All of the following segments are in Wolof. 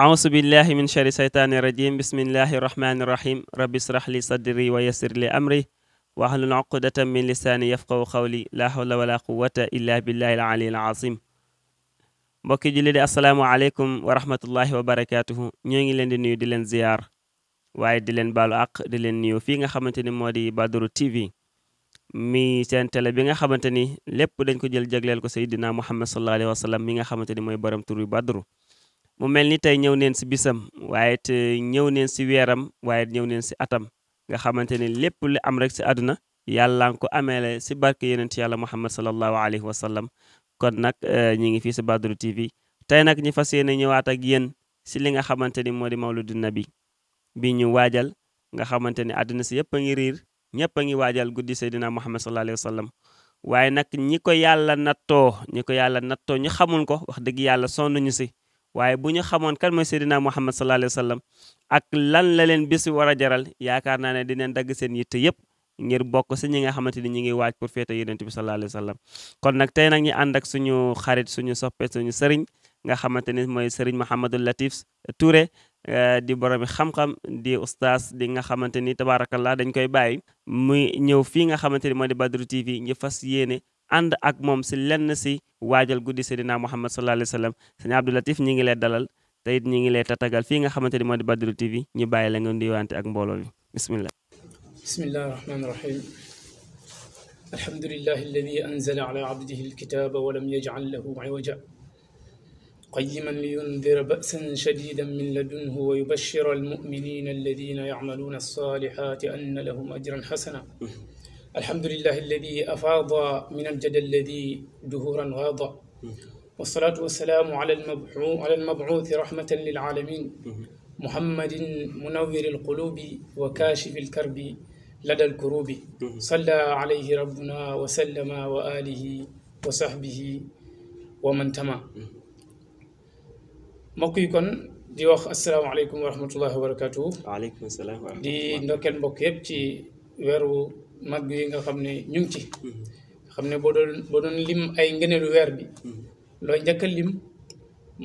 ausu billahi min shari seytaani rajim bismillahi rahmaani rahim rabbi israh li sadri wa yassir li amri wahlul uqdatan min lisaani yafqahu qawli la hawla wala quwata illa billahi al ali al azim mbokki julli di asalaamu aleykum wa rahmatullahi wa barakatuhu ñoo ngi leen di nuyu di leen ziyaar waaye di leen baalu àq di leen nuyu fii nga xamante ni moo di Badru TV mi seen télé bi nga xamante ni lépp dañ ko jël jagleel ko Seydina Muhammad sallallahu alayhi wa sallam mi nga xamante ni mooy borom tur bi Badru mu melni tay ñew neen si bisam waye te ñew neen si wéram waye ñew neen si atam nga xamante lepp li am rek ci aduna yalla ko amele si barke ci yalla muhammad sallallahu alaihi wasallam kon nak euh, ñi ngi fi ci Badru TV tay nak ñi fasiyene ñewat siling ak yeen ci li nga ni moo nabi bi ñu wajal nga xamante aduna ci si yëpp a ngi riir ñëpp ngi guddi seydina muhammad sallallahu alaihi wasallam waye nak ñiko yalla ko ñiko yalla natto ñu xamul ko wax deug yalla sonu ñu si waaye bu ñu xamoon kan mooy Seydina Muhammad sallallahu alayhi wa sallam ak lan la leen bis war a jaral yaakaar naa ne dinañ dagg seen yitte yëpp ngir bokk si ñi nga xamante ni ñu ngi waaj pour féete yonent bi sallallahu alayhi wa sallam kon nag tey nag ñu ànd ak suñu xarit suñu soppe suñu sëriñ nga xamante ni mooy sëriñ Mouhamadou Latif Touré eh, di boromi xam-xam di ustaas di nga xamante ni tabaarakallaa dañ koy bàyyi muy ñëw fii nga xamante ni moo di Badru TV ngi fas yéene ànd ak mom ci lenn ci waajal guddi sayyidina Muhammad sallallahu alayhi wasallam sallam sëñ Abdou Latif ñi ngi lay dalal te it ñi ngi lay tatagal fi nga xamanteni modi Badru TV ñu baye la nga ndiwante ak mbolo bi bismillah bismillah arrahman arrahim الحمد لله الذي أنزل على عبده الكتاب ولم يجعل له عوجا قيما لينذر بأسا شديدا من لدنه ويبشر المؤمنين الذين يعملون الصالحات أن لهم أجرا حسنا الحمد لله الذي أفاض من الجد الذي جهورا غاض والصلاة والسلام على المبعوث على المبعوث رحمة للعالمين محمد منور القلوب وكاشف الكرب لدى الكروب صلى عليه ربنا وسلم وآله وصحبه ومن تما mbokk yi kon di wax asalaamaaleykum wa rahmatullahi wa barakatuh waaleykum salaam di ndokkeel mbokk yëpp ci weeru mag yi nga xam ne ñu ngi ci mm-hmm. nga xam ne boo doon doon lim ay ngëneelu weer bi mm-hmm. looy njëkk lim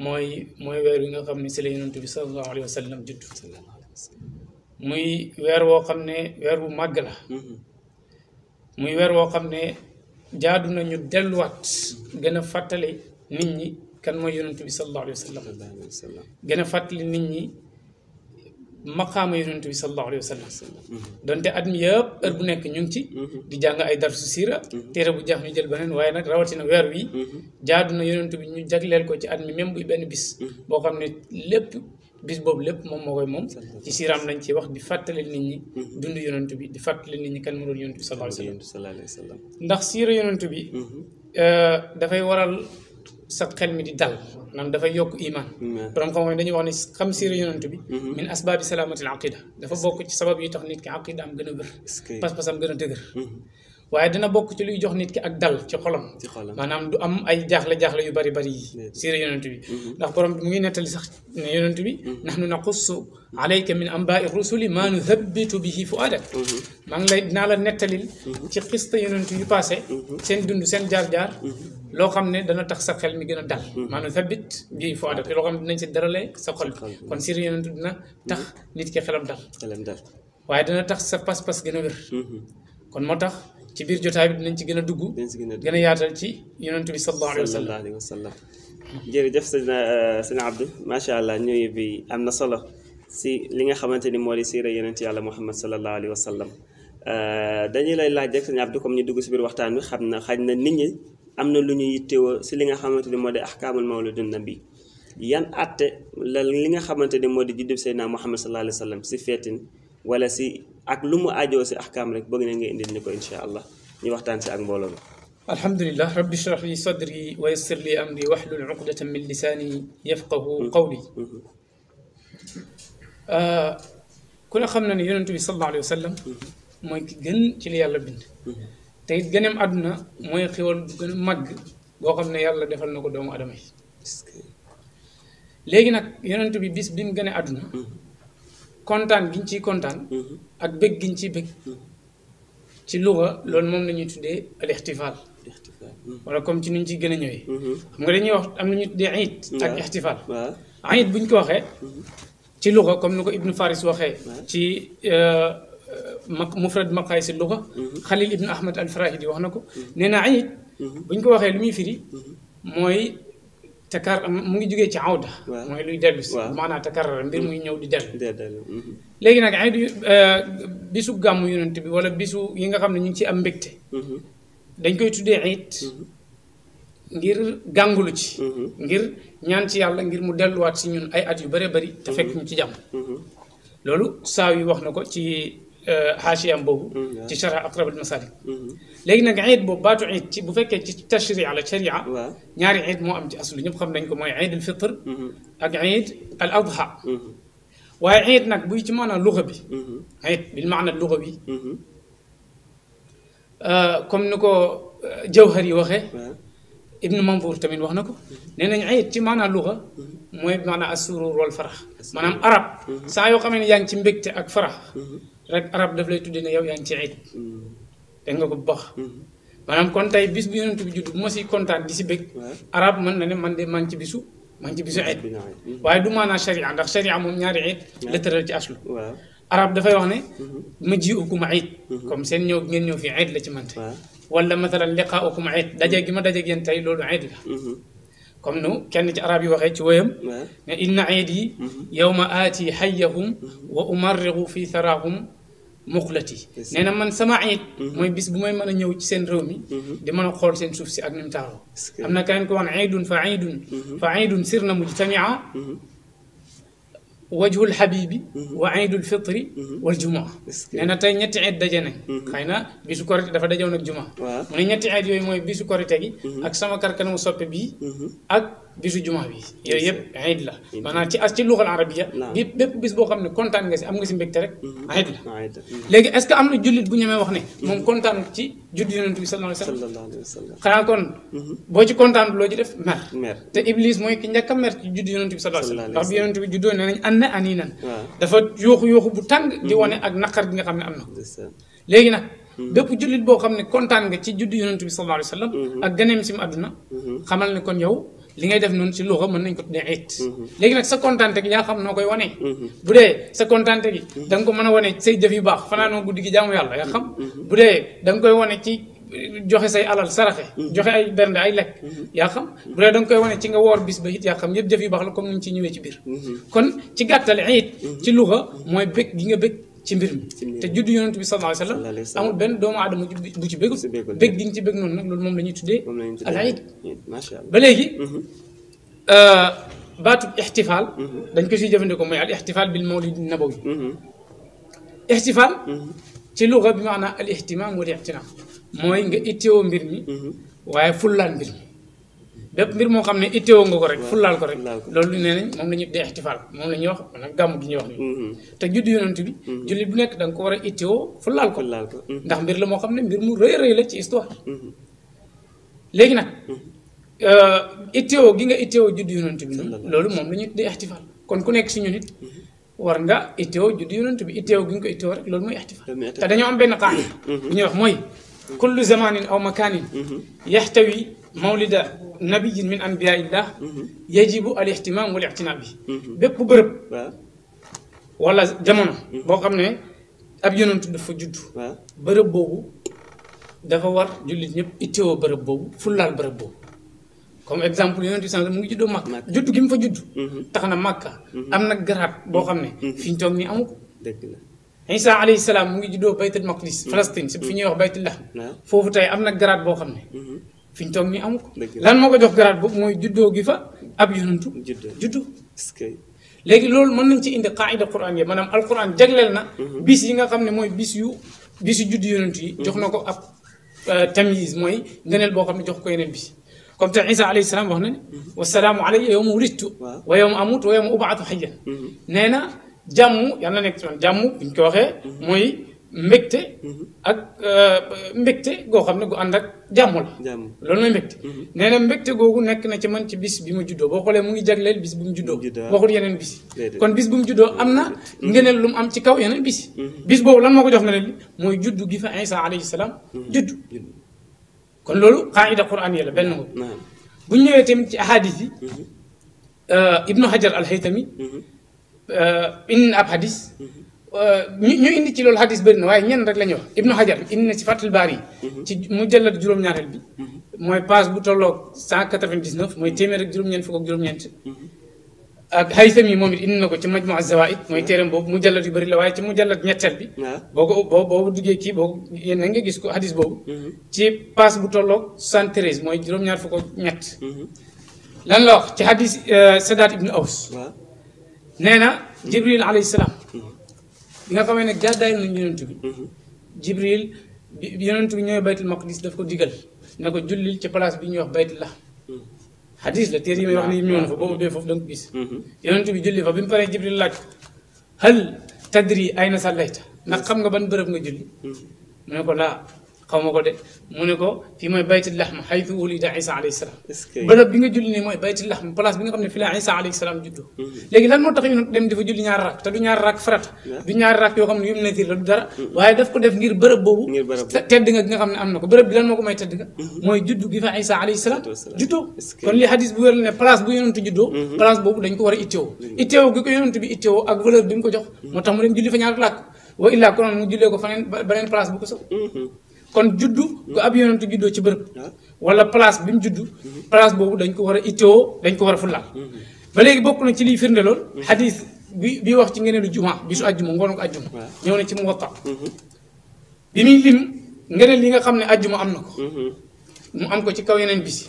mooy mooy weer wi nga xam ne si la yonent bi sallallahu alayhi wa sallam juddu muy weer woo xam ne weer bu màgg la mm-hmm. muy weer woo xam ne jaadu nañu delluwaat gën a fàttali nit ñi kan mooy yonent bi sallallahu alayhi wa sallam gën a fàttali nit ñi maqaama yonent bi sallallahu alayhi wa sallam mhm. donte at mi yëpp heure bu nekk ñu ngi ci mhm. di jàng ay darsu siira mhm. téere bu jax ñu jël beneen waaye nag rawatina weer wi jaadu na yonent bi ñu jagleel ko ci at mi même buy benn bis boo xam ne lépp bis boobu lépp moom moo koy moom ci siiraam lañ ci wax di fàttali nit ñi dund yonent bi di fàttali nit ñi kan mu doon yonent bi sallallahu alayhi wa sallam ndax siira yonent bi euh, dafay waral sa xel mi di dal maanaam dafay yokk iman borom xam xam xam siira yonent bi mhm. min asbaabi salaamatil aqida dafa bokk sabab yi tax nit ki am gën a wér pas-pas am gën a dëgër mhm. waye dina bok ci luy jox nit ki ak dal ci xolam manam du am ay jaaxle-jaaxle yu bari bari yi yonent bi ndax borom bi mu ngi netali sax ne yonent bi nahnu naqussu alayka min anba'i rusuli ma nuthabbitu bihi fuadak man lay dina la netali ci xista yonent yu passé sen dund sen jar jar lo xamne dana tax sa xel mi gëna dal maa nuthabbit bihi fuadak lo xamne ne dinañ si darale sa xol kon siira yonent dina tax nit ki xelam dal xelam dal waye dana tax sa pass pass gëna wér kon motax ci biir jotaay bi dinañ ci gën a dugg. dinañ ci gën a dugg a yaatal ci yonent bi sallallahu alayhi wa sallam. jërëjëf sëñ euh, sëñ Abdou macha allah ñëw bi am na solo si li nga xamante ni moo di siira yonent yàlla Muhammad sallallahu alayhi wa sallam euh, dañuy lay laaj rek sëñ Abdou comme ñu dugg si biir waxtaan wi xam na xaj na nit ñi am na lu ñuy yittewoo si li nga xamante ni moo di ahkaamul na nabi yan atte la li nga xamante ni moo di juddub Seydina Muhammad sallallahu alayhi wa sallam si feetin wala si. ak lu mu aajoo si ahkaam rek bëgg na nga indil ñu ko incha allah ñu waxtaan si ak mbooloo mi sadri wa yassir li amri صدري ويسر لي امري واحلل عقدة من لساني يفقه قولي كنا خمنا ني يونس صلى الله wa sallam mooy ki gën ci li yalla bind te it gënem àdduna mooy xiwal bu gëna màgg boo xam ne yàlla defal na ko doomu adama yi léegi nag yonent bi bis bi mu gëne àdduna kontaan giñ ciy kontaan ak bëgg giñ ciy bëgg ci luga loolu moom la ñuy tuddee al ixtifaal wala comme ci nuñ ci gën a ñëwee xam nga dañuy wax am na ñu tuddee ayit ak ixtifaal ayit buñ ko waxee ci luga comme ni ko ibnu faris waxee ci mufrad maqaayis luga xalil ibnu ahmad al farahidi wax na ko nee na ayit buñ ko waxee lu muy firi mooy takar mu ngi jógee ci awda mooy luy dellu si maanaam takarara mbir muy ñëw di dellu mhm. léegi nag ay euh, bisu gàmmu yonent bi wala bisu yi nga xam ne ñu ngi ci am mbégte mhm. dañ koy tuddee it mhm. ngir gàngulu ci ngir ñaan ci yàlla ngir mu delluwaat si ñun ay at yu bare bari te fekk ñu ci jàmm loolu saa wax na ko ci حاشي أم بو تشرح أقرب المسالك لكن عيد بو باتو عيد بو فك تشري على شريعة نار عيد مو أم أصله نبخم نجكم عيد الفطر عيد الأضحى وعيد نك بو يجمعنا لغبي عيد بالمعنى اللغوي آه، كم نكو آه، جوهري وغه ابن منظور تمين وهنكو نين عيد تمانا لغه موي بمعنى السرور والفرح مانام عرب سايو كامين يان تي مبكتي rek arab daf lay tudde ne yow yaa ngi ci iid da nga ko bax manam kon tay bis bu yonent bi judd bu ma si kontaan di ci bëgg arab man na ne man de man ci bisu man ci bisu iid waye du mana sharia ndax sharia mom ñaari iid la tëral ci aslu arab da fay wax ne ma ji ukum iid comme sen ñoo ngeen ñoo fi iid la ci man tay wala mathalan liqaa ukum iid daje gi ma daje ngeen tay lolu iid la comme nous kenn ci arab yi waxe ci woyam ne inna aidi yawma ati hayyahum wa umarrigu fi tharahum muqlati nee na man sama ayit mooy bis bu may mën a ñëw ci seen réew mi di mën a xool seen suuf si ak ni mu taaroo am na keneen ko wax aydun fa aydun fa aydun sirna mujtamia wajhul habibi wa aydul fitri wal jumaa nee na tey ñetti ayit daje nañ xëy na bisu korite dafa dajewoon ak jumaa mu ne ñetti ayit yooyu mooy bisu korite gi ak sama karkanamu soppe bii ak bisu juma bi yoy yëpp ayid la maanaam ci as ci lugha arabiya bépp bépp bis bo xamne contane nga ci am nga ci mbekté rek ayid la legi est ce que am na jullit bu ñemee wax ne mom contane ci judd yonent bi sallallahu alayhi wasallam sallam kon bo ci contane lo ci def mer te iblis moy ki ñaka mer ci judd yonent bi sallallahu alayhi wasallam sallam ndax bi yonent bi juddoo nee nañ an anina dafa yox yox bu tàng di woné ak nakar gi nga xamne amna legi nak bépp julit bo xamne contane nga ci judd yonent bi sallallahu alayhi wasallam ak ganem si mu àdduna xamal ne kon yow li ngay def noonu si luxa mën nañ ko tuddee it mhm. léegi nag sa kontante gi yaa xam noo koy wane mhm. bu dee sa kontante gi mhm. da nga ko mën a wane say jëf yu baax fanaanoo guddi gi jaamu yàlla yaa xam bu dee da koy wane ci joxe say alal saraxe joxe ay bernde ay yaa xam bu dee da nga koy ci nga woor bis ba it yaa xam yëpp jëf yu baax la comme ni ñu ci ñëwee ci biir kon ci gàttal it ci luxa mooy bëgg gi nga bëgg ci mbir mi te juddu yonent bi sallallahu alayhi wa amul benn doomu aadama bu ci bégul bég gi ci bég noonu nag loolu moom la ñuy tuddee al aïd ba léegi baatub dañ ko siy jëfandikoo mooy al ixtifaal bil mawlid nabawi ixtifaal ci luga bi maanaam al ihtimaam wal ictinaam mooy nga ittewoo mbir mi waaye fullaan mbir mi bépp mbir moo xam ne itteewoo nga ko rek fullaal ko rek loolu nee nañ moom la ñuy dee ixtifaal moom la ñuy wax nag gàmm gi ñuy wax nii mm-hmm. te judd yonent bi mm-hmm. jullit bu nekk da ko war a itteewoo fullaal ko mm-hmm. ndax la moo xam ne mbir mu rëy rëy la ci histoire nag euh, itteewoo gi nga itteewoo judd yonent bi noonu loolu moom la ñuy dee ixtifaal kon ku nekk si ñun it war nga itteewoo judd yonent bi itteewoo gi nga ko itteewoo rek loolu mooy ixtifaal te dañoo am benn xaalis bu ñuy wax mooy كل زمان أو مكان يحتوي مولد نبي من أنبياء الله يجب الاهتمام والاعتناء به bépp bërëb wala jamono boo xam ne ab yonent dafa judd bërëb boobu dafa war jullit ñëpp ittewoo bërëb boobu fullaal bërëb boobu comme exemple yonent bi sànq mu ngi juddoo Makka judd gi mu fa judd tax na Makka am na garaat boo xam ne fi ñu toog nii amu ko dëgg la Isa alayhi salaam mu ngi juddoo baytul maqdis Palestine si fi ñuy wax baytul lahm foofu tey am na garaat boo xam ne fi ñu toog nii amu ko lan moo ko jox garaat boobu mooy juddoo gi fa ab yonantu juddu léegi loolu mën nañ ci indi qaida quran yi maanaam alquran jagleel na bis yi nga xam ne mooy bis yu bisu juddu yonantu yi jox na ko ab tamyiz mooy ngëneel boo xam ne jox ko yeneen bis comme tey Isa alayhi salaam wax na ne wasalaamu alayya yawma wulidtu wa yawma amutu wa yawma ubaatu xayyan nee na jàmm yal na nekk ci man jàmm bu ñu ko waxee. Mhm. mooy mbégte. Mhm. ak euh, mbégte goo xam ne gu ànd ak jàmm la. jàmm loolu mooy mbégte. Mhm. nee na mbégte googu nekk na ci man ci bis bi mu juddoo boo xoolee mu ngi jagleel bis bu mu juddoo. waxul yeneen bis. kon bis bu mu juddoo am na. ngëneel lu mu ci kaw yeneen bis. bis boobu lan moo ko jox nga leen mooy juddu gi fa Isa alayhi salaam. juddu kon loolu qaida quraan la benn nga. bu ñu ñëwee tamit ci ahadis yi. Euh, Ibnu Hajar al-Haytami. Euh, indi na ab hadis euh, ñu ñu indi ci loolu hadis bëri na waaye ñenn rek la ñuy wax ibnu hajar indi na si fàttali baar ci mhm. mu jëllat juróom-ñaareel bi mhm. mooy passe bu tolloog cent quatre-vingt-dix-neuf mooy mhm. téeméer ak juróom-ñeent fukk ak juróom-ñeent ak xaysam yi moom it indi na ko ci maj majmu zawaid mooy téeram boobu mu jallat yu bëri la waaye ci mu jallat ñetteel bi ah. boo ko boo boobu duggee kii boobu yéen a nga gis ko hadis boobu ci passe bu tolloog soixante mooy juróom-ñaar fu ak ñett lan la wax ci hadis euh, sadat ibnu aws نانا جبريل عليه السلام بيغا خاوي نك جاداي نيونتو جبريل يونتو نيو بيت المقدس دافكو ديغال نكو جوليل سي بلاص بي نيوخ بيت الله حديث لا تيري مي واخني ميون فو بومو فوف دونك بيس يونتو بي جولي فا بيم باري جبريل لاك هل تدري اين صليت نا خمغا بان بروف نغا جولي لا xawma ko de mu ne ko fii mooy baytul lahm xaytu ulida isa alayhi salaam bërëb bi nga julli ni mooy baytul lahm place bi nga xam ne fi la isa alayhi salaam juddu mhm. léegi lan moo tax ñu dem dafa julli ñaari rak te du ñaari rak farata du ñaari rak yoo xam ne yu mu la du dara waaye daf ko def ngir bërëb boobu tedd nga nga xam ne am na ko bërëb bi lan moo ko may tedd nga mm-hmm. mooy juddu gi fa isa alayhi salaam juddoo kon li hadis bu wér ne place bu yonent juddoo mm-hmm. place boobu dañ ko war a itteewoo mm-hmm. itteewoo gi ko yonent bi itteewoo ak valeur bi mu ko jox moo tax mu dem julli fa ñaari rakk wa illaa konoon mu jullee ko faneen beneen place bu ko sow kon juddu gu ab yonentu juddoo ci bërëb ah. wala place bi mu juddu mhm. place boobu dañ ko war a itteewoo dañ ko war a fullaal mhm. ba léegi bokku na ci liy firnde lool mhm. xadis bi bi wax ci ngeneelu juma bi su ajjuma ngoonu ko ajjuma ñëw na ci Muwatta bi muy lim ngeneel li nga xam ne ajjuma am na ko mu am ko ci kaw yeneen bis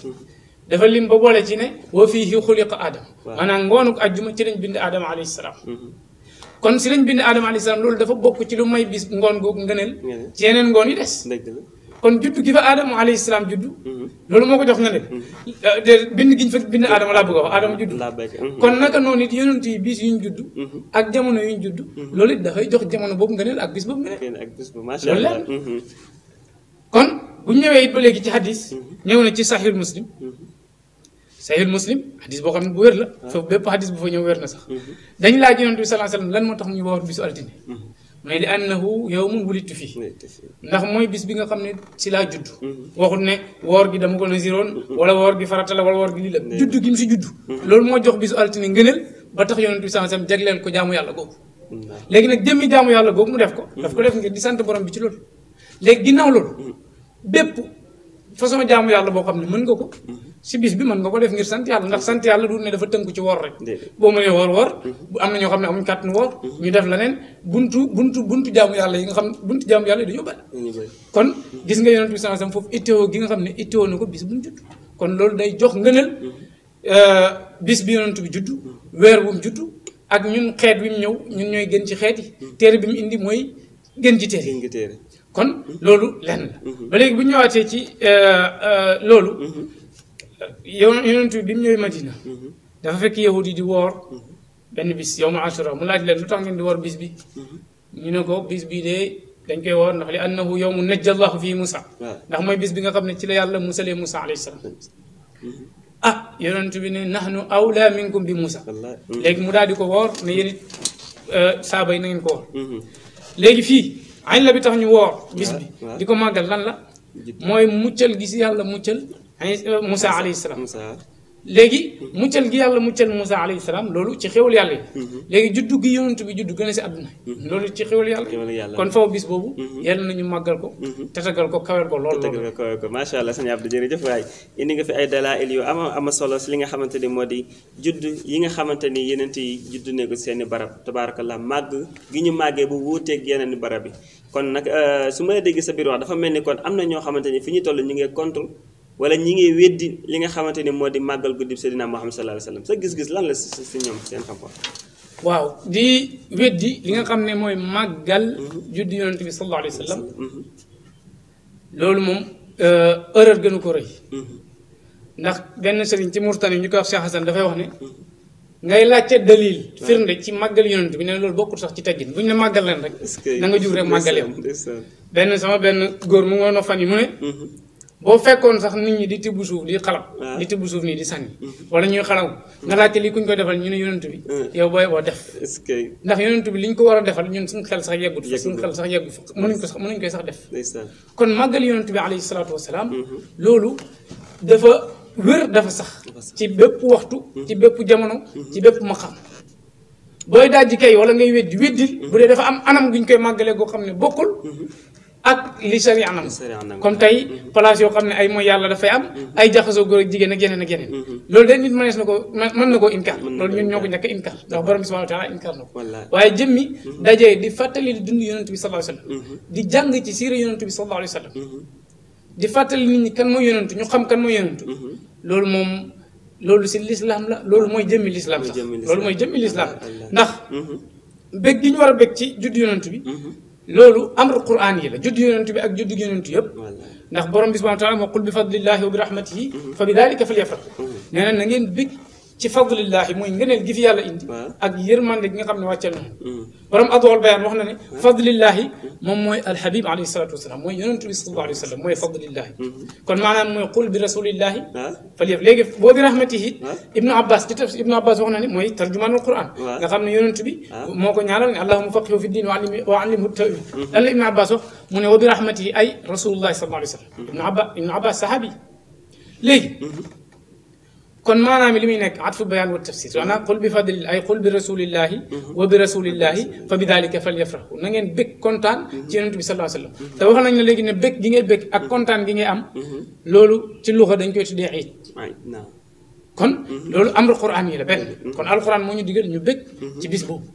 dafa lim ba boole ci ne wa fiihi xuliqa aadama maanaam ngoonu ko ajjuma ci lañ bind aadama alayhi salaam kon si lañ bind aadama alayhi salaam loolu dafa bokk ci lu may bis ngoon googu ngëneel ci yeneen ngoon yi des kon juddu gi fa aadama alayhi salaam juddu mhm. loolu moo ko jox ngëneel mhm. euh, bind gi ñu fa bind aadama laa bëgg a wax aadama juddu kon naka noonu it yonent yi bis yuñ juddu mhm. ak jamono yuñ juddu loolu it dafay jox jamono boobu nga ngëneel ak bis boobu ngëneel loolu leer kon bu ñëwee it ba léegi ci hadis ñëw na ci sahih muslim sahih muslim hadis boo xam ne bu wér la ah. foofu bépp hadis bu fa ñëw wér na sax mhm. dañ laaj yonent bi sallallahu alayhi lan moo tax ñu woor bisu altine mhm. mu ne li annahu yawmun wulidtu fii ndax mooy bis bi nga xam ne ci laa judd mhm. waxul ne woor gi dama ko naziroon wala woor gi farata la wala woor gi lii la judd gi mu si judd loolu moo jox bisu altine ngëneel ba tax yonent bi sallallahu alayhi wasallam jagleel ko jaamu yàlla googu léegi nag jëmmi jaamu yàlla googu mu def ko daf ko di sant borom bi ci loolu léegi ginnaaw loolu bépp façon jaamu yàlla boo xam ne mën nga ko si bis bi mën nga ko def ngir sant yàlla ndax sant yàlla du ne dafa tënku ci woor rek boo mënee woor woor mhm. bu am na ñoo xam ne amuñ kàttan woor mhm. ñu def leneen buntu buntu buntu jaamu yàlla yi nga xam buntu jaamu yàlla yi dañoo bëri kon gis nga yonent bi sallallahu alayhi wasallam foofu ittéo gi nga xam ne ittéo na ko bis bu mu judd kon loolu day jox ngënal mhm. euh, bis bi yonent bi judd weer bu mu judd ak ñun xeet bi mu ñëw ñun ñooy gën ci xeet yi téere bi mu indi mooy gën ci téere kon loolu lenn la ba léegi bu ñëwaatee euh, euh, loolu yow yonent bi mu ñëwee Madina mhm. dafa fekk yi di woor mhm. benn bis yow ma asura mu laaj leen lu tax ngeen di woor bis bi mhm. ñu ne ko bis bii de dañ koy woor ndax li annahu yowmu najja allahu fii Musa ndax mooy bis bi nga xam ne ci la yàlla musalee Musa alayhi salaam ah yonent bi ne nahnu awla minkum bi Musa léegi mu daal di ko woor ne yéen euh, saaba yi na ko woor léegi fii añ la bi tax ñu woor bis bi di ko màgga lan la mooy muccal gi si yàlla muccal Euh, Moussa alayhi salaam léegi muccal gi yàlla muccal Moussa alayhi salaam loolu ci xewul yàlla yi mhm. léegi juddu gi yonent bi juddu gën a si àdduna mhm. loolu ci xéwal yàlla kon faw bis boobu mhm. yàlla ñu màggal ko tatagal ko kawel ko loolu tatagal ko kawel ko macha allah sëñ Abdou jërëjëf indi nga fi ay dalail yu ama ama solo si li nga xamante ni moo di judd yi nga xamante ni yenent yi judd ne ko seeni barab tabaarakallah màgg gi ñu màggee bu wuuteeg yeneen barab bi kon nag euh, su ma dégg sa biir wax dafa mel ni kon am na ñoo xamante ni fi ñu toll ñu ngi contre wala ñi ngi weddi li nga xamante ni moo di màggal guddib Seydina Muhammad sallallahu alayhi wa sallam sa gis-gis lan la si ñoom seen xam-xam. waaw di weddi li nga xam ne mooy màggal. Mhm. juddi yonent bi sallallahu wa sallam. Mhm. loolu moom euh, erreur gënu ko rëy. Mhm. ndax benn sëriñ ci Murtani ñu koy wax Cheikh Hassan dafay wax ne. ngay laajte dalil firnde ci màggal yonent bi ne loolu bokkul sax ci teggin bu ñu ne màggal leen rek. na nga jug màggal yow. benn sama benn góor mu ngoon fan yi mu ne. boo fekkoon sax nit ñi di tibb suuf di xalam ah. di tibb suuf nii di sànni hmm. wala ñuy xalam nga hmm. laajte lii kuñ ko defal ñu ne yonent bi hmm. yow booy boo def ndax yonent bi ñu ko war a defal ñun suñ xel sax yeggut fa suñ xel sax yeggut fa mënuñ ko sax mënuñ koy sax def kon màggal yonent bi alayhi salaatu wasalaam loolu dafa wér dafa sax ci bépp waxtu ci bépp jamono ci bépp maqam booy dajji kay wala ngay weddi weddil bu dee dafa am anam guñ koy màggalee goo xam ne bokkul ak li na nam comme tey place yoo xam ne ay mooy yàlla dafay am mhm. ay jaxasoo góor ak jigéen ak yeneen ak yeneen mhm. loolu de nit mënees na ko mën na koo inkaar loolu ñun ñoo ko ñàkk inkaar ndax borom bi subhanahu na ko waaye jëmmi mhm. dajee di fàttali di dund yonent bi sallallahu alayhi wa sallam di jàng ñi kan mooy yonent ñu xam kan mooy yonent loolu moom loolu si lislaam la loolu mooy jëmmi lislaam sax loolu mooy jëmmi lislaam ndax bëgg gi ñu war a bëgg ci judd yonent bi loolu amru quraan yi la judd yonent bi ak judd yonent yëpp ndax borom bi subhaana taala moo qul bi fadlillahi wa bi rahmatihi fa bi dalika falyafrahu nee na na ngeen bég ci fadlillahi moy ngeenel gi fi yàlla indi ak yërmande gi nga xamne waccel na param adwal bayan bayaan wax na ne fadlillahi moom mooy alhabib alayhi salatu wasalaam mooy yonent bi sallallahu alayhi wasallam moy mooy fadlillahi kon manam moy qul bi rasulillahi falyef legi bo bi rahmatihi ibnu abbas ci tafsir ibnu abbas waxna ni moy tarjuman al quran nga xamne yunus yonent bi moko ñaanal ni allahumma faqihu fi din wa wa allimhu tawil dal ibnu abbas wax mu ne wa bi rahmatihi ay rasulullah sallallahu alayhi wasallam ibnu abbas ibnu abbas sahabi legi kon maanaam li muy nekk atfu bayaan wa tafsir maanaam qul bi fadli ay qul bi rasulillahi wa bi rasulillahi fa bi dalika na ngeen bég kontaan ci bi sallallahu alayhi wa sallam te wax nañ la léegi ne bég gi ngay bég ak kontaan gi ngay am loolu ci luxa dañ koy tuddee iid kon mhm. loolu amru quran yi la benn mhm. kon alquran moo ñu digal ñu bég mhm. ci bis boobu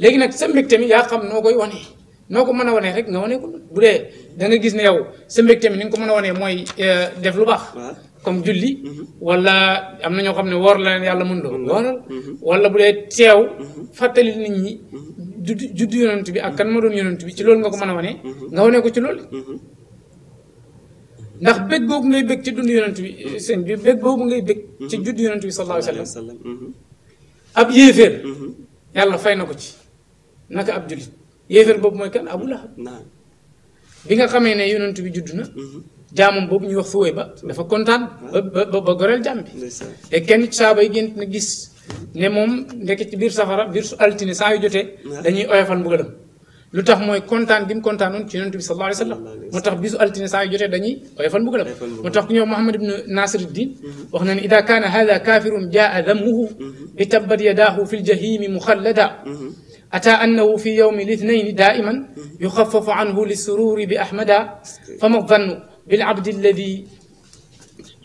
léegi nag sa mbégte mi yaa xam noo koy wanee noo ko mën a wanee rek nga wanee ko bu dee da nga gis ne yow sa mbégte mi ni nga ko mën a wanee mooy euh, def lu baax comme julli. Mhm. wala am na ñoo xam ne woor la leen yàlla mën loo mhm. wooral mhm. wala bu dee teew. fàttali nit ñi. judd juddu yonent bi ak kan ma doon yonent bi ci loolu nga ko mën a wane. nga wane ko ci loolu. ndax bëgg boobu ngay bëgg ci dund yonent bi sëñ bi bëgg boobu ngay bëgg ci judd yonent bi sallallahu alayhi wa sallam ab yéeféer yàlla fay na ko ci naka ab jullit yéeféer boobu mooy kan abu lahab bi nga xamee ne yonent bi judd na jaamam boobu ñuy wax fuwee ba dafa kontaan ba ba ba goreel jaam bi te kenn ci saaba bay gént na gis ne moom ndeke ci biir safara biir su altine saa yu jotee dañuy oyofal mbugalam lu tax mooy kontaan gi mu kontaanoon ci yonent bi sallallahu alayhi wa sallam moo tax bisu altine saa yu jotee dañuy oyofal mbugalam moo tax ku ñëw Muhammad ibn Nasiruddin wax na ne ida kaana hada kafirun jaa damuhu bi tabbat yadahu fi ljahimi muxallada أتى أنه في يوم الاثنين دائما يخفف عنه للسرور بأحمد فما الظن بالعبد الذي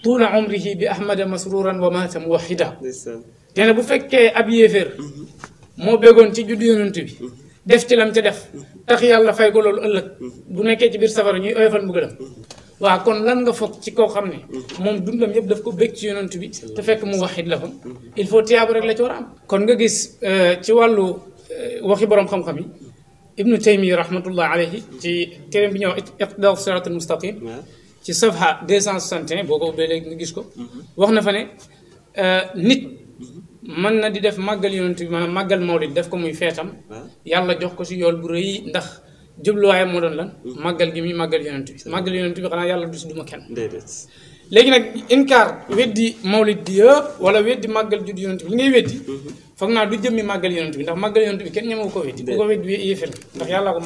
طول عمره بأحمد مسرورا ومات موحدا te ne bu fekkee ab yéeféer moo bëggoon ci juddu yonent bi def ci lam ci def tax yàlla fay ko loolu ëllëg bu nekkee ci biir safara ñuy oyofal mu gëlam waa kon lan nga foog ci koo xam ne moom dundam yëpp daf ko bëgg ci yonent bi te fekk mu waxit la fa il faut tiyaab rek la ci war a am kon nga gis ci wàllu waxi borom xam-xam yi ابن تيمية رحمة الله عليه في كريم بنيو إقداء الصراط المستقيم في صفحة 260 بوكو بيلي نجيسكو وخنا فاني نيت من نادي ديف ماغال يونتي مانا من مولد ديف كوموي فيتام يالا جوخ كو سي يول بو ري ندخ جبلو واي مودون لان ماغال جي مي ماغال يونتي ماغال يونتي خنا يالا دوس دوما كين ديدت léegi nag inkaar weddi mawlid yëpp wala weddi màggal judd yonent bi li ngay weddi mhm. foog naa du jëmmi màggal yonent bi ndax màggal yonent bi kenn ñemewu ko weddi bu ko weddi bi yéefér ndax yàllaa ko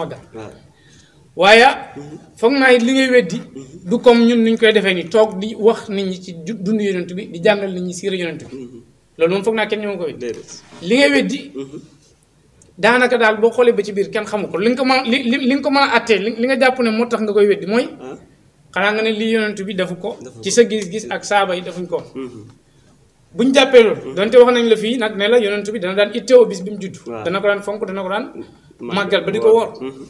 waaye mhm. foog naa it li ngay weddi mhm. du comme ñun nuñ koy defee nii toog di wax nit ñi ci dund yonent bi di jàngal nit ñi siira yonent bi loolu moom foog naa kenn ñemewu ko weddi li ngay weddi daanaka daal boo xoolee ba ci biir kenn xamu ko li nga ko mën li li nga ko mën a attee li nga jàpp ne moo tax nga koy weddi mooy ah. xanaa nga ne lii yonent bi defu ko ci sa gis-gis ak saaba yi defuñ ko mm-hmm. bu ñu jàppee loolu mm-hmm. donte wax nañ la fii nag ne la yonent bi dana daan itteewu bis bi mu judd dana ko daan fonk dana ko daan màggal ba di ko woor mm-hmm.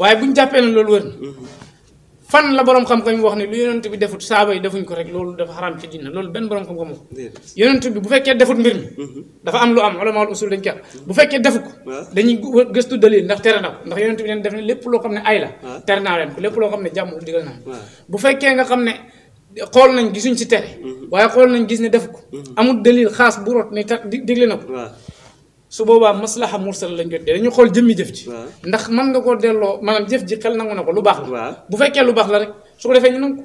waaye bu ñu jàppee ne loolu wër fan la borom xam-xam wax ni lu yonent bi defut sa bay defuñ ko rek lolou dafa haram ci dina lolou ben borom xam-xam wax yonent bi bu fekke defut mbir mi dafa am lu am ulamaul usul dañ ci bu fekke defuko ko dañuy gëstu dalil ndax tere na ndax yonent bi leen def ne lépp lo xamne ay la tere naa leen ko lépp lo xamne ne jàmm digal na bu fekke nga xamne xol nañ gisuñ ci tere waye xol nañ gis ne defuko amul dalil khas bu rot ne digle na ko suboba maslaha maslaxa mursal lañ koy dañu xol jëmmi jëf ci ndax man nga ko delo manam jëf ji xel nangu nako lu bax bu fekke lu bax la rek su ko defé ñu nangu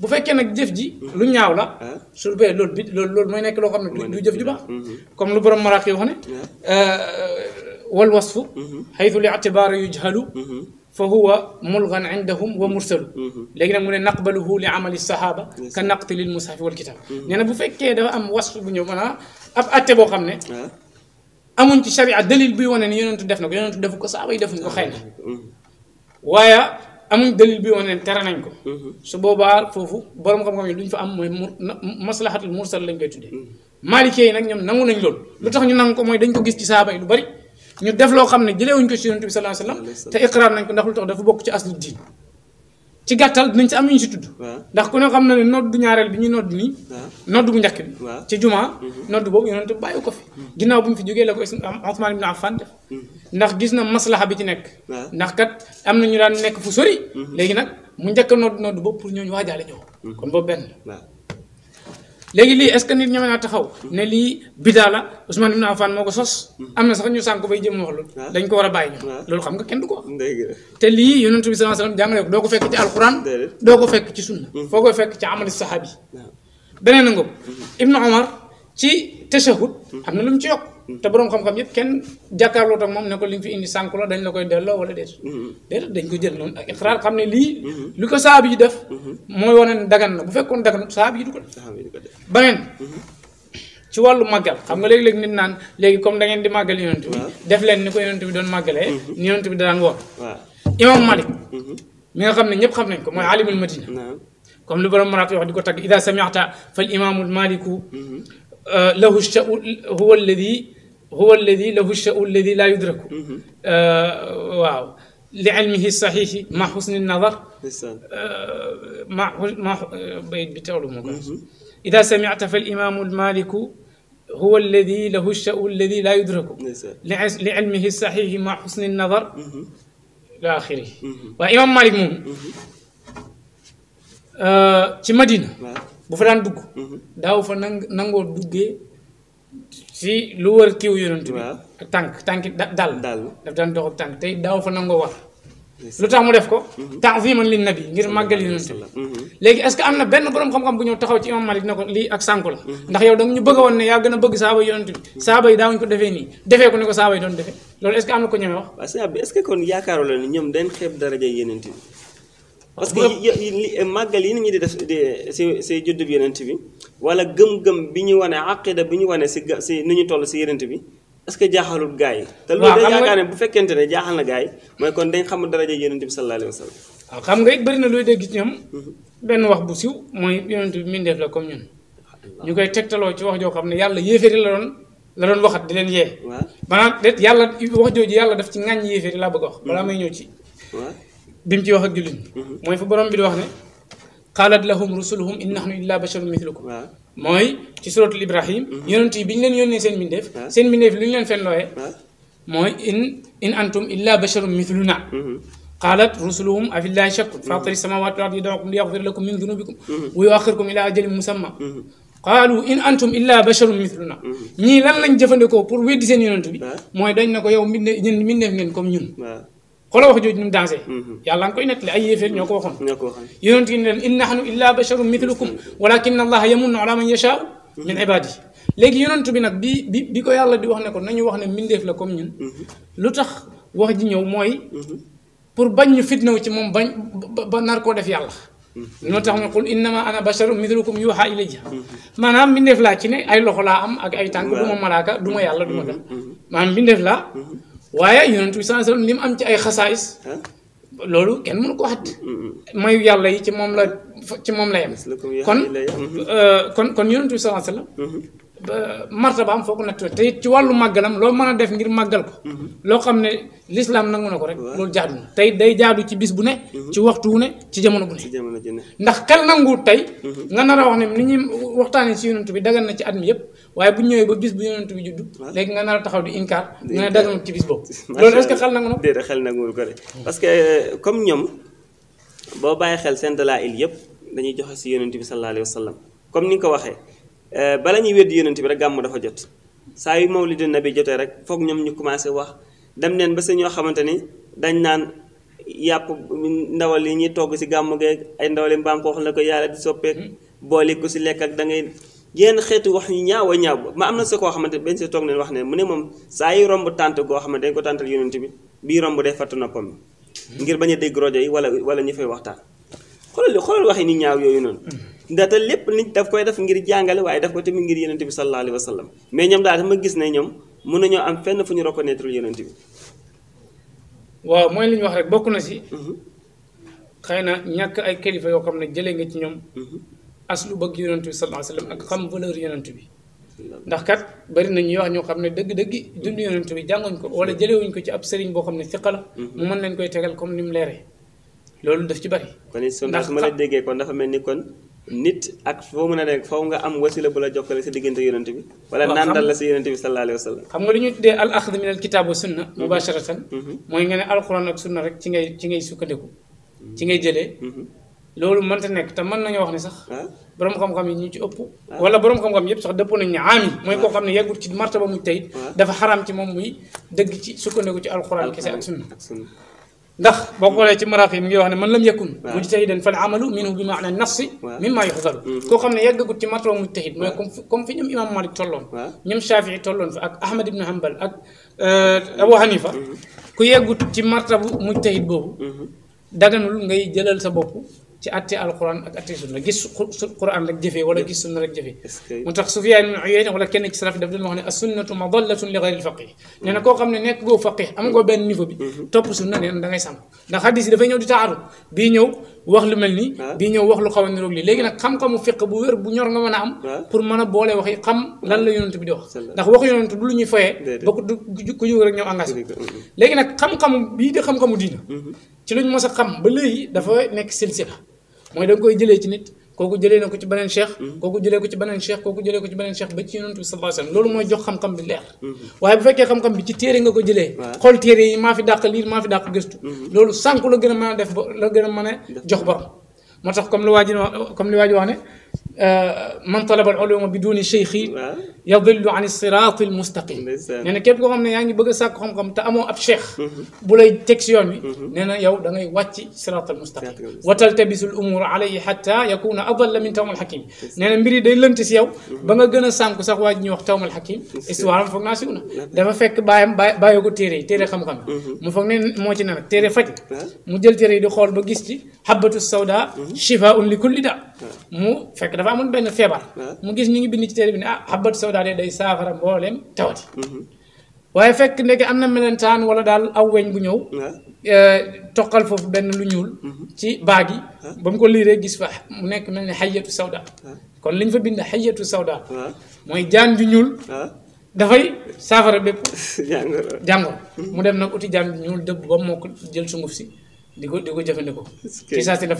bu fekke nak jëf ji lu ñaaw la su be lool bi lool moy nek lo xamne du jëf ju bax comme lu borom maraq wax ne euh wal wasfu haythu li'tibari yujhalu فهو ملغى عندهم ومرسل لكن من نقبله لعمل الصحابه ne naqbaluhu والكتاب amali بو فكيه دا ام mushaf بو نيو مانا اب اتي بو خامني amuñ ci sharia dalil bi wane ni yonentu def na ko yonentu defu ko saaba yi def ko xeyna waya amuñ dalil bi wane ne tere nañ ko su boobaa fofu borom xam-xam ni duñ fa am moy maslahatul mursal lañ koy tuddé maalikee nak ñom nangu nañ lool lutax ñu nang ko moy dañ ko gis ci saaba yi lu bari ñu def lo xamne ne jëleewuñ ko ci yonentu bi sallallahu alayhi wasallam te iqrar nañ ko ndax lutax dafa bok ci aslu din ci gàttal dinañ si am ñu si tudd. ndax ko ne xam na ne nodd ñaareel bi ñu nodd nii. nodd bu njëkk bi. ci juma. Mhm. nodd boobu yonent bàyyi ko fi. Mhm. ginnaaw bu mu fi jógee la ko Ousmane ibn Affan def mhm. ndax gis na maslaxa bi ci nekk. ndax kat am na ñu daan nekk fu sori. léegi nag mu njëkk a nodd nodd boobu pour ñooñu waajaale jox kon boobu benn. léegi lii est-ce que nit ñeme naa taxaw ne lii bidaa la Ousmane Ibn Affan moo ko sos am na sax ñu sànk bay jëm wax loolu ah. dañ ko war a bàyyi ñu ah. loolu xam nga kenn du ko te lii yonent bi sallallahu alayhi wasallam jàngale ko doo ko fekk ci alquran doo ko fekk ci sunna mm-hmm. foo koy fekk ci amali sahabi ah. beneen na nga Ibn Omar ci tashahud mm. am na lu mu ci yokk mm. te borom xam-xam yëpp kenn jàkkaarloo toog moom ne ko li nga fi indi sànku dañ la koy delloo wala déet mm-hmm. déet dañ ko jël noonu ak iqraar xam ne lii mm-hmm. li ko saab yi def mm-hmm. mooy wane ne dagan na bu fekkoon dagan saab yi du ko def baneen ci wàllu màggal xam nga léegi-léegi nit naan léegi comme dangeen ngeen di màggal yonent bi def leen ni ko yonent bi doon màggalee ni yonent bi daan woor imam malik mi nga xam ne ñëpp xam nañ ko mooy alimul madina comme li borom maraat wax di ko tagg ida sami'ta fal آه، له الشأن هو الذي هو الذي له الشأن الذي لا يدرك آه، واو لعلمه الصحيح مع حسن النظر آه، مع مع بيت إذا سمعت فالإمام المالك هو الذي له الشأن الذي لا يدرك لعلمه الصحيح مع حسن النظر إلى آخره وإمام مالك آه في مدينة نعم. bu fa daan dugg mhm. daaw fa nang nangoo duggee si lu wër kiw yonent bi ak tànk tànk dal daf daan dox ak tànk tey daaw fa nangoo wax lu tax mu def ko mhm. man lin nabi ngir màggal yonent bi mhm. léegi est ce que am na benn borom xam-xam bu ñëw taxaw ci imam malik ne ko lii ak sànku la ndax yow da ñu bëgg woon ne yaa gën a bëgg saaba yonent bi saaba yi daawuñ ko defee nii defee ko ne ko saaba yi doon defee loolu est ce que am na ko ñeme wax est ce que kon yaakaaroo la ni ñoom dañ xeeb daraja yonent bi parce que ah, màggal yi nit ñi di def si si juddub yonent bi wala gëm-gëm bi ñu wane aqida bi ñu wanee si si ni ñu toll si yonent bi est que jaaxalul gaa yi te loolu dañ yaakaar bu fekkente ne jaaxal na gaa yi mooy kon dañ xamul daraja yonent bi sallallahu alayhi wa sallam ah, xam nga it bëri na looy dégg ci ñoom mhm. benn wax bu siw mooy yonent bi mindeef la comme ñun ñu koy tegtaloo ci wax joo xam ne yàlla yéeféeri la doon la doon waxat di leen yee maanaam det yàlla wax jooju yàlla daf ci ŋàññ laa bëgg wax mhm. balaa may ñëw ci bi mu ci wax ak jullit mooy fa borom bi di wax ne qaalat lahum rusuluhum in nahnu illa basharun mithlukum mooy ci suratul ibrahim yonent yi bi ñu leen yónnee seen mbindeef seen mbindeef lu ñu leen fen looyee mooy in in antum illa basharun mithluna قالت رسلهم أفي الله شك فاطر السماوات والأرض يدعوكم ليغفر لكم من ذنوبكم ويؤخركم إلى أجل مسمى قالوا إن أنتم إلا بشر مثلنا ñi lan lañ jëfandikoo pour weddi seen yonent bi mooy dañ na ko yow min min def ngeen comme ñun خلا واخ جوج نمدانسي يالا نكوي نتل اي يفير نيوكو واخون نيوكو واخون يونتي نل ان نحن الا بشر مثلكم ولكن الله يمن على من يشاء من عباده لغي يونتو بي نك بي بيكو يالا دي واخ نكو نانيو واخ نين مينديف لا كوم نين لوتاخ واخ جي نيو موي pour bañ fitna ci mom bañ ba nar ko def yalla no mhm. tax ma qul inma ana basharun mithlukum yuha ilayya mhm. manam min la ci ne ay loxo la am ak ay tank duma malaka duma yalla duma mhm. da manam min la waaye yonent bi sallallahu alayhi li mu am ci ay xasaayis loolu kenn mënu ko xat mayu yàlla yi ci moom la ci moom la yem kon euh, kon kon yonent bi sallallahu martabaam foo ko natt te it ci wàllu màggalam loo mën a def ngir màggal ko mhm. loo xam ne lislaam nangu na ko rek loolu jaadu na tey day jaadu ci bis bu ne mhm. ci waxtu wu ne ci jamono bu ne ndax xel nanguwut tey mhm. nga nar a wax ne ni ñuy waxtaanee si yonent bi dagan na ci at mi yëpp waaye bu ñëwee ba bis bu yonent bi juddu nga nar a taxaw di inkaar nga ne dagan ci bis boobu loolu est-ce que xel nangu na ko déedéet xel nanguwul que euh, comme ñoom boo bàyyi xel seen dalaa'il yëpp dañuy joxe si yonent bi sallallahu alayhi wa sallam comme ni nga ko waxee Euh, bala ñuy weddi yonent bi rek gàmm dafa jot saa yu mawlidu nabi jotee rek foog ñoom ñu commencé wax dem neen ba sa ñoo xamante ni dañ naan yàpp ndawal yi ñuy togg si gàmm gee ay ndawali mbaam koo xam ne ko yàlla di soppeek hmm. boole ko si lekk da ngay yenn xeetu wax yu ñaaw a am na sa koo xamante benn sa toog neen wax ne mu ne moom saa yu romb tànt goo ne dañ ko tàntal yonent bi bii romb day fatt noppam hmm. ngir bañ a dégg rajo yi wala wala ñu fay waxtaan xoolal xoolal wax yi ni ñaaw yooyu noonu hmm. ndaxte lépp nit daf koy def ngir jàngale waaye daf ko tamit ngir yonent bi sallallahu alayhi wa mais ñoom daal dama gis ne ñoom mën nañoo am fenn fu ñu reconnaître yonent bi. waaw mooy li ñu wax rek bokk na si. Mhm. xëy na ñàkk ay kilifa yoo xam ne jëlee nga ci ñoom. Mhm. aslu bëgg yonent bi sallallahu alayhi ak xam valeur yonent bi. ndax kat bari na ñuy wax ñoo xam ne dëgg-dëgg dund yonent bi jànguñ ko wala jëlewuñ ko ci ab sëriñ boo xam ne fiqa la mhm. mu mën leen koy tegal comme ni mu leeree loolu daf ci bari. ndax kon ma la déggee kon dafa mel ni kon nit ak foo mën a nekk foo nga am wasila bu la jokkale si diggante yonent bi wala nandal la si yonent bi sallallahu alayhi wa sallam xam nga li ñu tuddee al axd min al kitab wa sunna mubasharatan mooy nga ne alquran ak sunna rek ci ngay ci ngay sukkandiku ci ngay jëlee loolu mënta nekk te mën nañu wax ni sax borom xam-xam yi ñu ci ëpp wala borom xam-xam yëpp sax dëppoo nañ ne aami mooy koo xam ne yàggut ci martaba mu tey dafa xaraam ci moom muy dëgg ci sukkandiku ci alquran kese ak sunna ndax boo xoolee ci maraax yi mi ngi wax ne man lam yakun mujtahidan fal amalu minhu bi maana nafsi mimma yuxzaru mm-hmm. koo xam ne yàggagut ci matoo mujtahid mooy comme comme fi ñoom imam malik tolloon ñoom shafii tolloon fa ak ahmad ibn hanbal ak euh, abu hanifa mm-hmm. ku yeggut ci martabu mujtahid boobu mm-hmm. daganul ngay jëlal sa bopp ci atte alquran ak atte sunna gis quran rek jëfee wala gis sunna rek jëfee moo tax Sufyaan ibn Uyayna wala kenn ci salaf daf doon wax ne as sunnatu madallatun li ghayril faqih nee na koo xam ne nekk goo faqih am goo benn niveau bi topp sunna nee na da ngay sàmm ndax xadis yi dafay ñëw di taaru bii ñëw wax lu mel nii bii ñëw wax lu xaw a niroog lii léegi nag xam-xamu fiq bu wér bu ñor nga mën a am pour mën a boole wax yi xam lan la yonent bi di wax ndax wax yonent du lu ñuy foyee ba ku jóg rek ñëw engagé léegi nag xam-xamu bii di xam-xamu diina ci luñ mos a xam ba léegi dafa nekk silsila mooy da koy jëlee ci nit kooku jëlee na ko ci beneen cheikh mm-hmm. kooku jëlee ko ci beneen cheikh kooku jëlee ko ci beneen cheikh ba ci yonent bi sallallahu alayhi wasallam loolu mooy jox xam-xam bi leer mm-hmm. waaye bu fekkee xam-xam bi ci téere nga ko jëlee xool téere yi maa fi dàq lii maa fi dàq gëstu mm-hmm. loolu sànku la gën a mën a def la gën a mën a jox borom moo tax comme li waa ji comme li waa wax ne آه، من طلب العلوم بدون شيخ نعم. يضل عن الصراط المستقيم نانا نعم. كيف غوم ني ياغي بوجا ساك خوم خوم تا امو اب شيخ بولاي تيكس يوني نانا ياو داغي واتي صراط المستقيم وتلتبس الامور عليه حتى يكون اضل من توم الحكيم نانا نعم. ميري داي لنت سي ياو باغا غنا سانك ساك واج ني وخ توم الحكيم استوارم فوك ناسيونا دا ما فك بايام بايوغو تيري تيري خام خام مو فوك ني مو تي نانا تيري فاج مو جيل تيري دي خول با غيستي حبه السوداء شفاء لكل داء مو فك dafa amoon benn feebar. Ah. mu gis ñu ngi bind ci téere bi ne ah xabat sawda de day saafara mboolem tawati. Mhm. waaye fekk ndeke am na melentaan wala daal aw weñ bu ñëw. Ah. Eh, toqal foofu benn lu ñuul. Mhm. ci baag yi. Ah. ba mu ko liiree gis fa mu nekk mel ni xayyatu sawda. kon liñ fa bind xayyatu sawda. mooy jaan ju ñuul. dafay saafara bépp. jàngoro mhm. mu dem nag uti jaan ju ñuul dëbb ba mokk jël sunguf si. di ko di ko jëfandikoo. ci saa si moo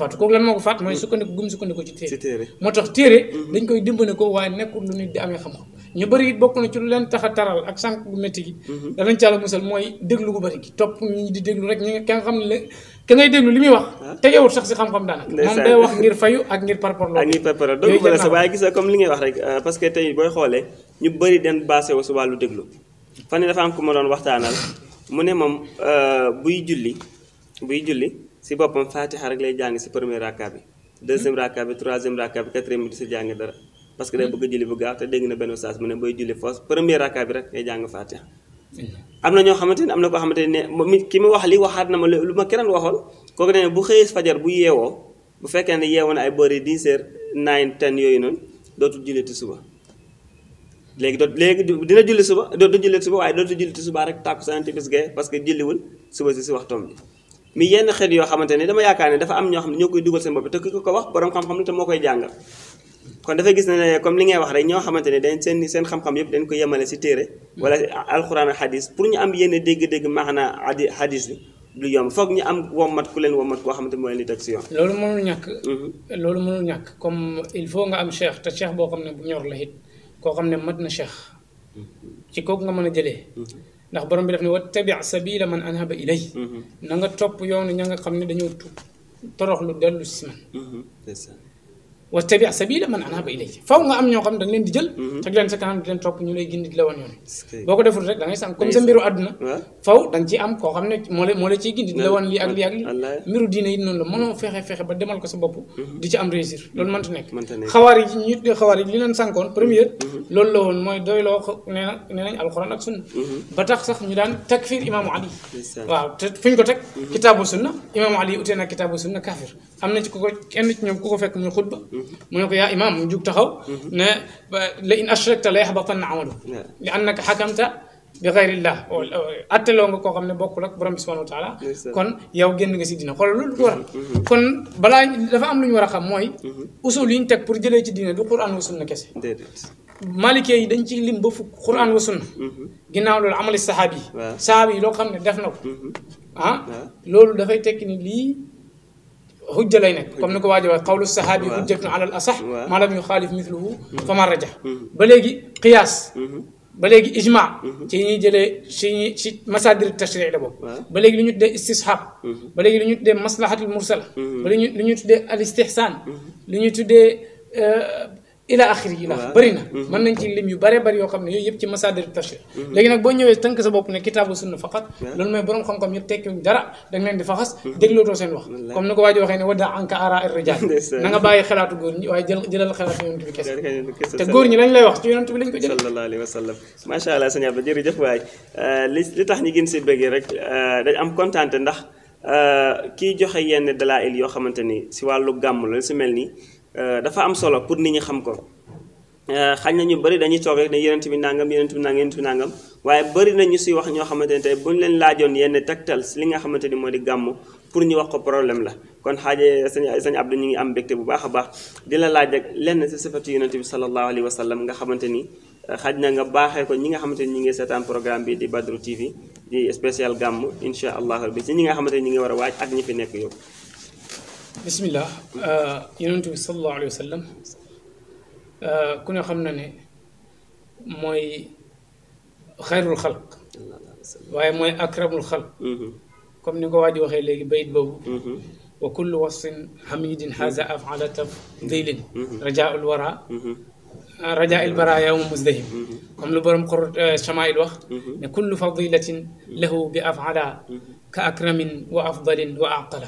ko faat mooy sukkandiku gum sukkandiku ci téere moo tax téere mhm. dañ koy dimbane ko waaye nekkul lu nit di amee xam-xam ñu bëri it na ci lu leen tax a taral ak sànq bu métti gi mhm. danañ càlla musal mooy déglu gu bëri gi topp ñi di déglu rek ñi nga ngay déglu li muy wax ah. tegewut sax xam-xam daanaka ngir fayu ak ngir parparloo ak ngir parparloo donc wala sax waaye gis nga comme li ngay wax rek euh, parce que tey booy xoolee ñu bëri den basé wu si wàllu déglu fan dafa am ku ma doon waxtaanal mu ne moom euh, buy julli buy julli si boppam faatixa rek lay jàng si premier rakka bi deuxième rakka bi troisième rakka bi quatrième bi du si jàng dara parce que day bëgg julli bu gaaw te dégg na benn saas mu ne booy julli foos premier rakka bi rek ngay jàng faatixa mm-hmm. am na ñoo xamante ne am na koo xamante ne mi ki mu wax li waxaat na ma lu ma keneen waxoon kooku ne bu xëyee fajar bu yeewoo bu fekkee ne yeewoo na ay boori 10 heures 9 10 yooyu noonu dootul julliti suba léegi doot léegi dina julli suba dootul julliti suba waaye dootul julliti suba rek tàkku santi bis gee parce que julliwul suba si si waxtoom bi mi yenn xeet yoo xamante ne dama yaakaar ne dafa am ñoo xam ne ñoo koy dugal seen bopp te ku ko wax borom xam-xam la te moo koy jàng kon dafay gis ne comme li ngay wax rek ñoo xamante ne dañ seen seen xam yëpp dañ ko yemale si téere wala alxuraan ak xadis pour ñu am yenn dégg-dégg maanaa adi xadis bi du yomb foog ñu am wommat ku leen wommat koo xamante mooy li teg si yoon. loolu mënul mhm. loolu mënul ñàkk comme il faut nga am cheikh te cheikh boo xam ne bu ñor la it koo xam ne mat na cheikh. Mhm. ci kooku nga mën a jëlee. Mhm. ndax borom bi def ne wattabi sabila man anhaba ilay mm-hmm. na nga topp yoonu ña nga xam ne dañoo toroxlu dellu si man mm-hmm. wa tabi sabila man anaba ilayya faw nga am ñoo xam da leen di jël teg leen sa kanam di leen topp ñu lay gindi di la wan yoon boo ko deful rek da ngay sànq am koo xam ne moo moo la ciy gindi di la wan lii ak lii ak lii mbiru diine yi noonu la mënoo fexe fexe ba demal la woon mooy doy loo nee tax sax ñu daan takfir imaamu ali waaw te fu ko teg kitaabu sunna imaamu ali utee na kitaabu sunna kaafir am ci kuko kenn ci ñom kuko fekk muy xutba mu ne ko yaa imaam mu juk taxaw ne la in ashrakta la yahbata amalu li annaka hakamta bi ghayri llah atelo nga ko xamne ne bokkul ak borom subhanahu wa taala kon yow génn nga ci dina xol lu ko kon bala dafa am lu ñu war xam moy usul yi ñu teg pour jele ci dina du quran wa sunna kesse malike yi dañ ci lim ba fu quran wa sunna ginaaw lu amali sahabi sahabi lo xamne def nako ah lolou da fay tek ni li هجة لنا كم نقول واجب قول الصحابي هجة على الأصح ما لم يخالف مثله فما رجع بلقي قياس بلقي إجماع شيء جل شيء شيء مصادر التشريع له بلقي لنيت ده استصحاب بلقي لنيت ده مصلحة المرسلة بلقي لنيت ده الاستحسان لنيت ده ila akhir yi la bari na mhm. mën nañ ci lim yu bare bari yoo xam ne yooyu ci masadir tafsir mhm. léegi nag boo ñëwee tënk sa bopp ne kitaabu sunna faqat loolu mooy borom xam-xam yëpp tekki dara da nga leen di faxas mhm. déglootoo seen wax comme ni ko waa ji waxee ne wadda anka ara ar rijal na nga bàyyi xalaatu góor ñi waaye jëlal xalaatu yonent bi kese te góor ñi lañ lay wax ci yonent bi lañ ko jël sallallahu alayhi wa sallam macha allah sëñ abdou jërëjëf waay euh, li li tax ñi gën si bëggee rek euh, dañ am contente ndax euh, kii joxe yenn dalail yoo xamante ni si wàllu gàmm la Euh, dafa am solo pour ni ñi xam ko euh, xañ na ñu bëri dañuy toog rek ne yonent bi nangam yonent bi nangam waaye bëri na ñu siy wax ñoo xamante ne tey bu ñu leen laajoon yenn tegtal si li nga xamante ni moo di gàmm pour ñu wax ko problème la kon xaaje sañ ab Abdou ñu ngi am mbégte bu baax a baax di la laaj rek lenn si sifatu yonent bi sallallahu alayhi wa sallam nga xamante ni euh, xaj na nga baaxee ko ñi nga xamante ni ñu ngi seetaan programme bi di Badru TV di spécial gàmm incha allah rabbi si ñi nga xamante ni ngi war a waaj ak ñi fi nekk yóbbu بسم الله آه صلى الله عليه وسلم كنا خمنا ني موي خير الخلق واي موي اكرم الخلق كوم نقول وادي وخي لي بيت بوب وكل وصف حميد هذا افعل تفضيل رجاء الوراء رجاء البراء يوم مزدهم كوم لو قر شمائل وخ كل فضيله له بافعلها كأكرم وأفضل وأعقل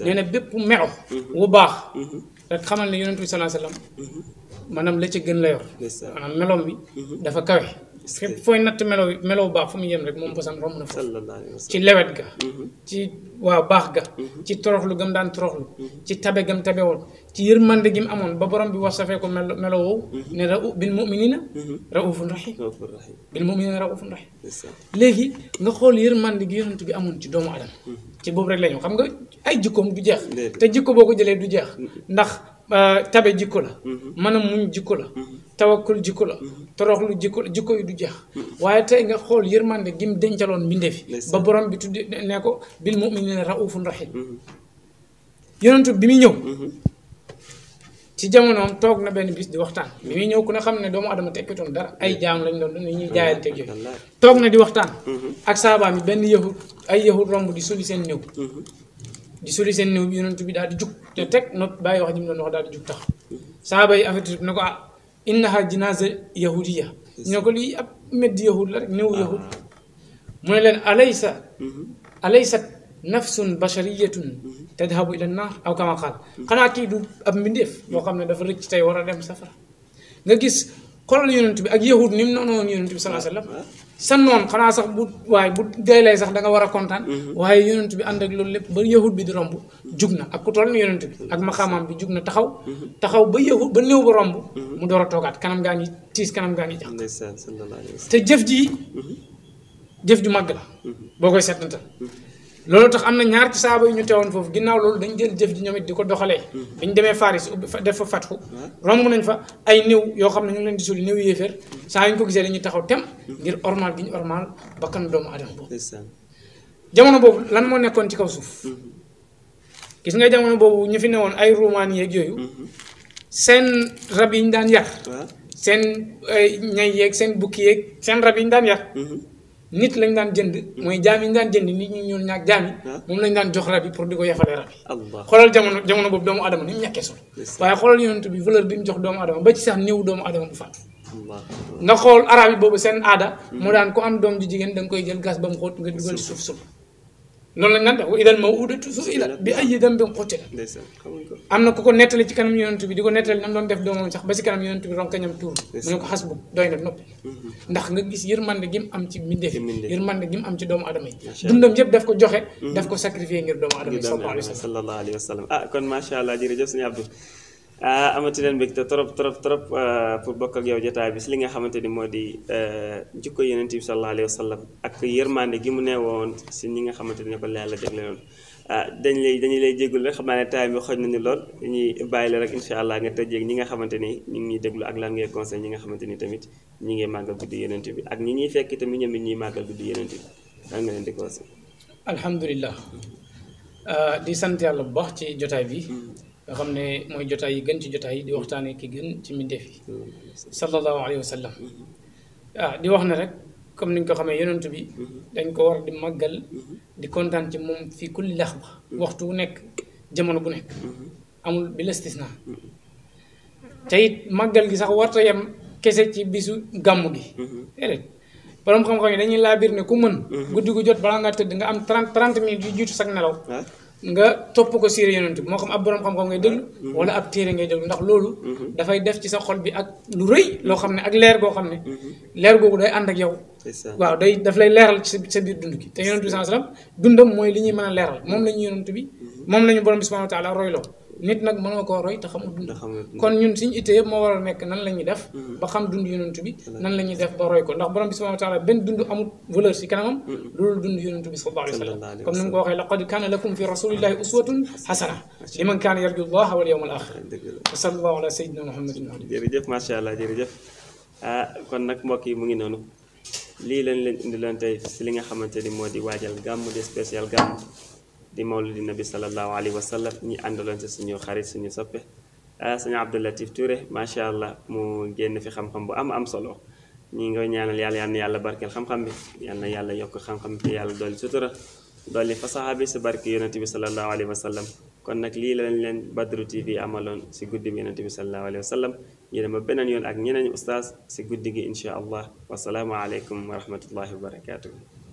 نينا نعم. بيب معه وباخ رك خمال لي يونس صلى الله عليه وسلم مانام لا تي گن لا يور مانام نعم. ملوم بي دا فا كاوي parce que fooy natt melo melow baax fu mu yem rek moom bosam romb na foofu ci lewet ga mhm. ci waaw baax ga mhm. ci toroxlu gam daan toroxlu mhm. ci tabe gam tabe woon ci yërmande gi mu amoon ba borom bi wasafee ko melo melo woowu ne ra bil muminina raufun rahim bil muminina raufun léegi nga xool yërmande gi yonent bi amoon ci doomu adama ci boobu rek la ñu xam nga ay jikkoom du jeex te jikko boo ko jëlee du jeex ndax euh, tabe jikko la mën a muñ jikko la tawakkul jikko la mhm. toroxlu jikko jikko yi du jeex waaye tey nga xool yërmande gim dencaloon mbindeef yi ba borom bi tuddi ne ko bil muminina raufun rahim mhm. yonentu bi muy ñëw mhm. ci jamonoom toog na benn bis di waxtaan bi muy ñëw ku ne xam ne doomu adama tekkitoon dara ay jaam lañ doon ni ñuy jaayante ak yooyu toog na di waxtaan ak saabaa mi benn yahud ay yahud romb di suli seen néew di suli seen néew yonentu bi daal di jug te teg not bàyyi wax ji mu doon wax daal di jug tax saaba yi affetu ne ko ah innaha jinaaza yahudiya ñu ne ko li ab medd yahud la rek néew ah. yahud mu ne leen alaysa mhm. alaysat nafsun bashariyatun mhm. tadhabu ila naar aw kama qaal mhm. xanaa kii du ab mbindeef boo xam ne dafa rëcc tey war a dem safara nga gis xolal yonent bi ak yahud ni mu noonu woon yonent bi sa noon xanaa sax bu waaye bu deelee sax danga war a kontaan. Mhm. waaye yonent bi ànd ak loolu lépp ba yahud bi di romb jug na ak ku toll ni yonent bi ak maxaamaam bi jug na taxaw. Mhm. taxaw ba yahud ba néew ba romb. Mhm. mu door a toogaat kanam gaa ngi tiis kanam gaa ngi jàq. te jëf ji jëf ju màgg la. boo koy seetantal. loolu tax am na ñaar ci saaba yu ñu teewoon foofu ginnaaw loolu dañ jël jëf ji ñoom di ko doxalee. Mm-hmm. bi demee demee Faris ubbi def fa fatxu. Mm-hmm. romb nañ fa ay néew yoo xam ne ñu ngi leen di suul néew yéeféer saa yu ñu ko gisee dañuy taxaw tem. ngir ormal gi ñu ormal bakkan doomu aadama boobu. jamono boobu lan moo nekkoon ci kaw suuf. Mm-hmm. gis nga jamono boobu ñu fi ne woon ay ruumaan yeeg yooyu. seen rab yi ñu daan yar. seen eh, ñay yeeg seen bukki yeeg seen rab yi ñu nit lañ daan jënd. mooy jaam yi ñu daan jënd nit ñi ñuul ñaag jaam ah. moom lañ daan jox rab yi pour di ko yafalee rab yi. xoolal jamono jamono boobu doomu adama ni mu ñàkkee solo. waaye xoolal yonent bi valeur bi mu jox doomu adama ba ci sax néew doomu adama bu faatu. nga xool arab yi boobu seen aada. mu hmm. daan ko am doom ju jigéen da koy jël gas ba mu xóot nga dugal suuf suuf. noonu lañ naan tax wa idal mawudatu su'ilat bi ayyi dambin qutilat am na ko ko nettali ci kanam yonent bi di ko nettali nam doon def doomam sax ba si kanam yonent bi ronkañam tuur mu ne xas bu doy na noppi mm-hmm. ndax nga gis yërmande gi mu am ci mbindeef yërmande gi mu am ci doomu adama yi dundam yëpp daf ko joxe mm-hmm. daf ko sacrifier ngir doomu adama yi sallallahu alayhi wa sallam ah kon macha allah jërëjëf sëñ ah amati leen mbégte trop trop trop ah, pour bokk ak yow jotaay bi si li nga xamante ni moo di eh, jikko Yonent bi sallallahu alayhi wa sallam ak yërmande gi mu ne woon si ñi nga xamante ni ko Yàlla jagleeloon ah dañ lay dañu lay jéggul rek xam naa ne time bi xoj nañu ñuy bàyyi la rek incha allah nga tëjee ak ñi nga xamante ni ñu ngi ñuy déglu ak lan ngay conseil ñi nga xamante ni tamit ñi ngi màggal guddi Yonent bi ak ñi ñuy fekk tamit ñoom it ñuy màggal guddi Yonent bi lan nga leen di conseil alhamdulilah ah, di sant yàlla bu baax ci jotaay nga xam ne mooy jotaay yi gën ci jotaay yi di waxtaane ki gën ci mbindeef yi sallallahu alayhi wa sallam ah di wax ne rek comme niñ ko xamee yonent bi dañ ko war di màggal di kontaan ci moom fii kulli laxba waxtu wu nekk jamono bu nekk amul bi listisna te it màggal gi sax warta yem kese ci bisu gàmmu gi déedéet borom xam-xam yi dañuy laa biir ne ku mën guddi gu jot balaa nga tëdd nga am trente trente minutes yu jiitu sag nelaw nga topp ko siire yonent bi moo xam ab borom xam-xam ngay déglu mm-hmm. wala ab téere ngay déglu ndax loolu mm-hmm. dafay def ci sa xol bi ak lu rëy loo xam ne ak leer goo xam ne mm-hmm. leer googu day ànd ak yow waaw day daf lay leeral ci sa biir dund gi te yonent sa sallallahu alayhi dundam mooy li ñuy mën a leeral moom la ñu yonent bi moom la ñu borom bi subhanahu wa taala royloo nit nak mëno ko roy ta xamul dund kon ñun suñu ité yëp mo war nek nan la def ba xam dund yonent bi nan la def ba roy ko ndax borom bi subhanahu wa taala ben dund amul valeur ci kanamam loolu dund yonent bi sallallahu alayhi wasallam comme nim ko waxe laqad kana lakum fi rasulillahi uswatun hasana liman kana yarju allah wal yawmal axir wa sallallahu ala sayyidina muhammadin jeri ma sha allah jeri jërëjëf ah kon nak mbokk yi mu ngi nonu li lañ leen indi lan tay ci li nga xamanteni modi moo di de spécial gàmm di mawlidi nabi sallallahu alayhi wa sallam ñi andalon ci suñu xarit suñu soppe suñu latif Touré macha allah mu génn fi xam-xam bu am am solo ñi nga ñaanal yàlla yalla yàlla barkel xam-xam bi yalla yàlla yok xam-xam te yàlla doli sutura doli fa sahabi si barke yonente bi sallallahu alayhi wa sallam kon nak li lañ len Badru TV amalon ci guddi bi yonente bi sallallahu alayhi wa sallam ñu dem ba yoon ak ñeneen oustaz ci guddi gi incha allah wasalaamu alaykum wa rahmatullahi wa barakatuh